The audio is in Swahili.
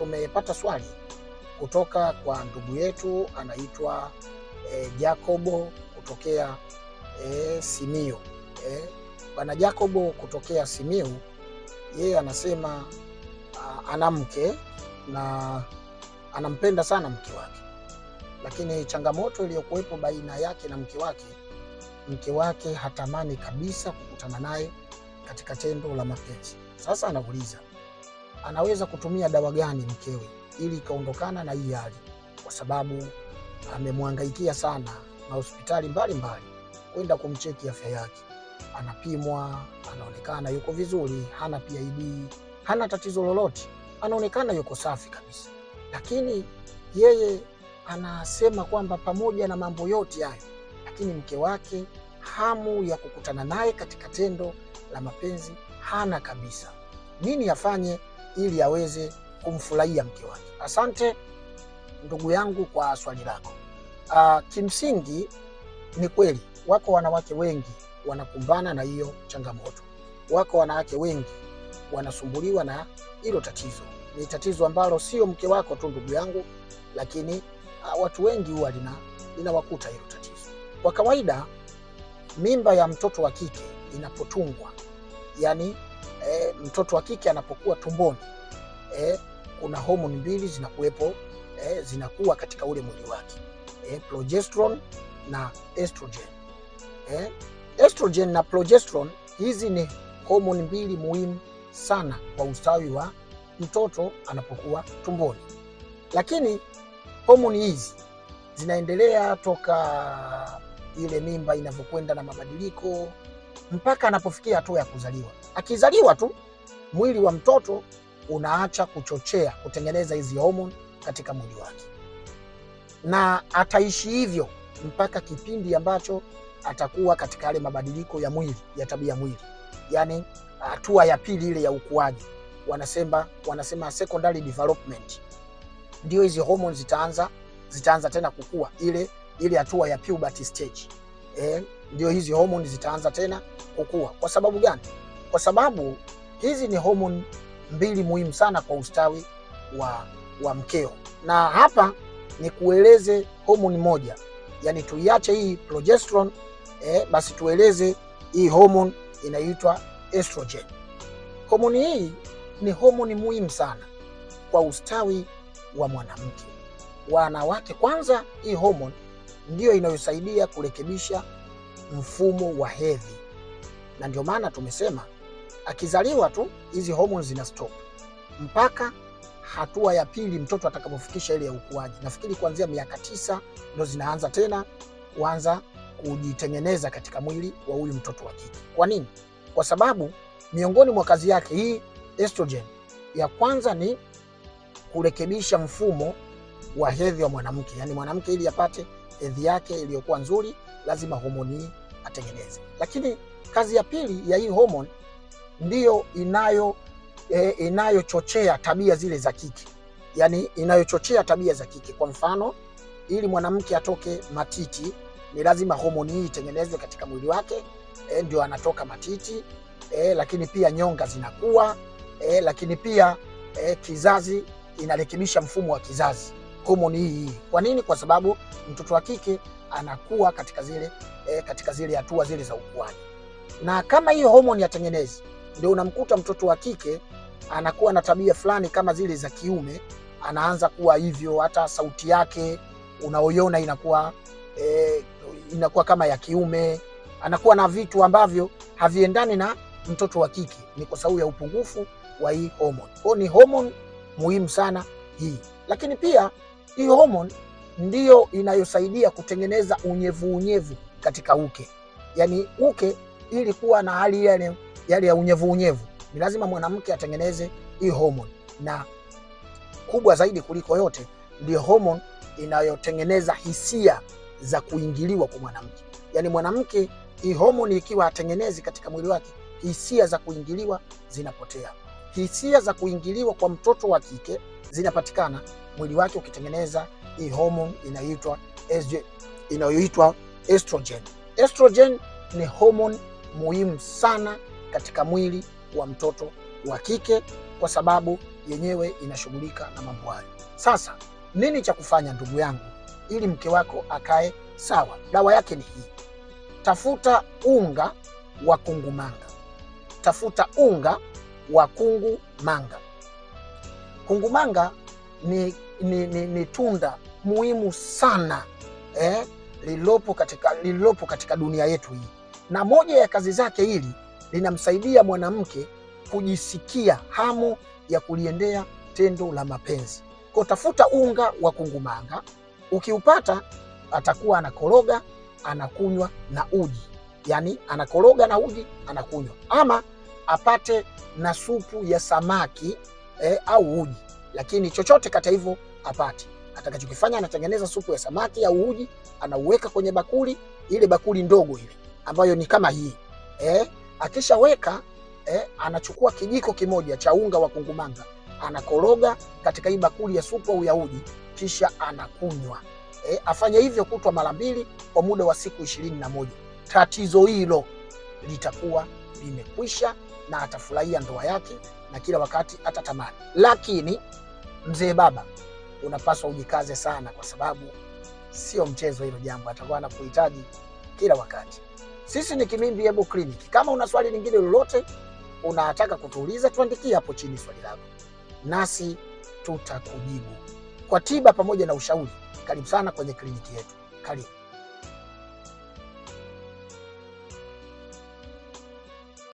tumepata swali kutoka kwa ndugu yetu anaitwa e, Jacobo kutokea e, eh, Simiu e, eh. bana Jacobo kutokea Simiu, yeye anasema ah, ana mke na anampenda sana mke wake, lakini changamoto iliyokuwepo baina yake na mke wake, mke wake hatamani kabisa kukutana naye katika tendo la mapenzi. Sasa anauliza anaweza kutumia dawa gani mkewe ili ikaondokana na hii hali, kwa sababu amemwangaikia sana na hospitali mbalimbali kwenda kumcheki afya yake. Anapimwa, anaonekana yuko vizuri, hana PID, hana tatizo lolote, anaonekana yuko safi kabisa, lakini yeye anasema kwamba pamoja na mambo yote hayo, lakini mke wake hamu ya kukutana naye katika tendo la mapenzi hana kabisa. Nini afanye ili aweze kumfurahia mke wake. Asante ndugu yangu kwa swali lako. Uh, kimsingi ni kweli wako wanawake wengi wanakumbana na hiyo changamoto, wako wanawake wengi wanasumbuliwa na hilo tatizo. Ni tatizo ambalo sio mke wako tu ndugu yangu, lakini uh, watu wengi huwa lina linawakuta hilo tatizo. Kwa kawaida mimba ya mtoto wa kike inapotungwa, yani e, mtoto wa kike anapokuwa tumboni e, kuna homoni mbili zinakuwepo e, zinakuwa katika ule mwili wake e, progesterone na estrogen e, estrogen na progesterone hizi ni homoni mbili muhimu sana kwa ustawi wa mtoto anapokuwa tumboni, lakini homoni hizi zinaendelea toka ile mimba inavyokwenda na mabadiliko mpaka anapofikia hatua ya kuzaliwa. Akizaliwa tu mwili wa mtoto unaacha kuchochea kutengeneza hizi homoni katika mwili wake, na ataishi hivyo mpaka kipindi ambacho atakuwa katika yale mabadiliko ya mwili ya tabia mwili, yani hatua ya pili ile ya ukuaji, wanasema wanasema secondary development, ndio hizi homoni zitaanza zitaanza tena kukua, ile ile hatua ya puberty stage eh, ndio hizi homoni zitaanza tena kukua. Kwa sababu gani? Kwa sababu hizi ni homoni mbili muhimu sana kwa ustawi wa, wa mkeo, na hapa ni kueleze homoni moja, yani tuiache hii progesterone eh, basi tueleze hii homoni inaitwa estrogen. Homoni hii ni homoni muhimu sana kwa ustawi wa mwanamke. Wanawake kwanza, hii homoni ndiyo inayosaidia kurekebisha mfumo wa hedhi, na ndio maana tumesema akizaliwa tu hizi homoni zina stop mpaka hatua ya pili mtoto atakapofikisha ile ya ukuaji. Nafikiri kuanzia miaka tisa ndo zinaanza tena kuanza kujitengeneza katika mwili wa huyu mtoto wa kike. Kwa nini? Kwa sababu miongoni mwa kazi yake hii estrogen ya kwanza ni kurekebisha mfumo wa hedhi wa mwanamke, yaani mwanamke ili apate hedhi yake iliyokuwa nzuri, lazima homoni hii atengeneze. Lakini kazi ya pili ya hii homoni ndiyo inayo e, inayochochea tabia zile za kike, yaani inayochochea tabia za kike. Kwa mfano, ili mwanamke atoke matiti ni lazima homoni hii itengenezwe katika mwili wake, e, ndio anatoka matiti e, lakini pia nyonga zinakuwa e, lakini pia e, kizazi inarekebisha mfumo wa kizazi homoni hii. Kwa nini? Kwa sababu mtoto wa kike anakuwa katika zile eh, katika zile hatua zile za ukuaji, na kama hiyo homoni yatengenezi, ndio unamkuta mtoto wa kike anakuwa na tabia fulani kama zile za kiume, anaanza kuwa hivyo, hata sauti yake unaoiona inakuwa eh, inakuwa kama ya kiume, anakuwa na vitu ambavyo haviendani na mtoto wa kike, ni kwa sababu ya upungufu wa hii homoni. Kwa ni homoni muhimu sana hii, lakini pia hiyo homoni ndiyo inayosaidia kutengeneza unyevu unyevu katika uke, yaani uke ili kuwa na hali yale yale ya unyevu unyevu ni lazima mwanamke atengeneze hii homoni, na kubwa zaidi kuliko yote ndiyo homoni inayotengeneza hisia za kuingiliwa kwa mwanamke. Yaani mwanamke hii homoni ikiwa hatengenezi katika mwili wake, hisia za kuingiliwa zinapotea. Hisia za kuingiliwa kwa mtoto wa kike zinapatikana mwili wake ukitengeneza hii homoni inayoitwa inayoitwa estrogen. Estrogen ni homoni muhimu sana katika mwili wa mtoto wa kike kwa sababu yenyewe inashughulika na mambo hayo. Sasa nini cha kufanya ndugu yangu, ili mke wako akae sawa? Dawa yake ni hii: tafuta unga wa manga, tafuta unga wa Kungu manga ni, ni, ni, ni tunda muhimu sana eh, lililopo katika, lililopo katika dunia yetu hii, na moja ya kazi zake hili linamsaidia mwanamke kujisikia hamu ya kuliendea tendo la mapenzi. Kwa tafuta unga wa kungumanga, ukiupata atakuwa anakoroga anakunywa na uji, yaani anakoroga na uji anakunywa, ama apate na supu ya samaki eh, au uji lakini chochote kata hivyo apati. Atakachokifanya, anatengeneza supu ya samaki au uji, anauweka kwenye bakuli, ile bakuli ndogo ile ambayo ni kama hii eh. Akishaweka eh, anachukua kijiko kimoja cha unga wa kungumanga anakoroga katika hii bakuli ya supu au ya uji, kisha anakunywa. E, afanye hivyo kutwa mara mbili kwa muda wa siku ishirini na moja. Tatizo hilo litakuwa limekwisha na atafurahia ndoa yake na kila wakati atatamani. Lakini mzee baba, unapaswa ujikaze sana, kwa sababu sio mchezo hilo jambo, atakuwa anakuhitaji kila wakati. Sisi ni Kimimbi Herbal Clinic. Kama una swali lingine lolote unataka kutuuliza, tuandikie hapo chini swali lako, nasi tutakujibu kwa tiba pamoja na ushauri. Karibu sana kwenye kliniki yetu, karibu.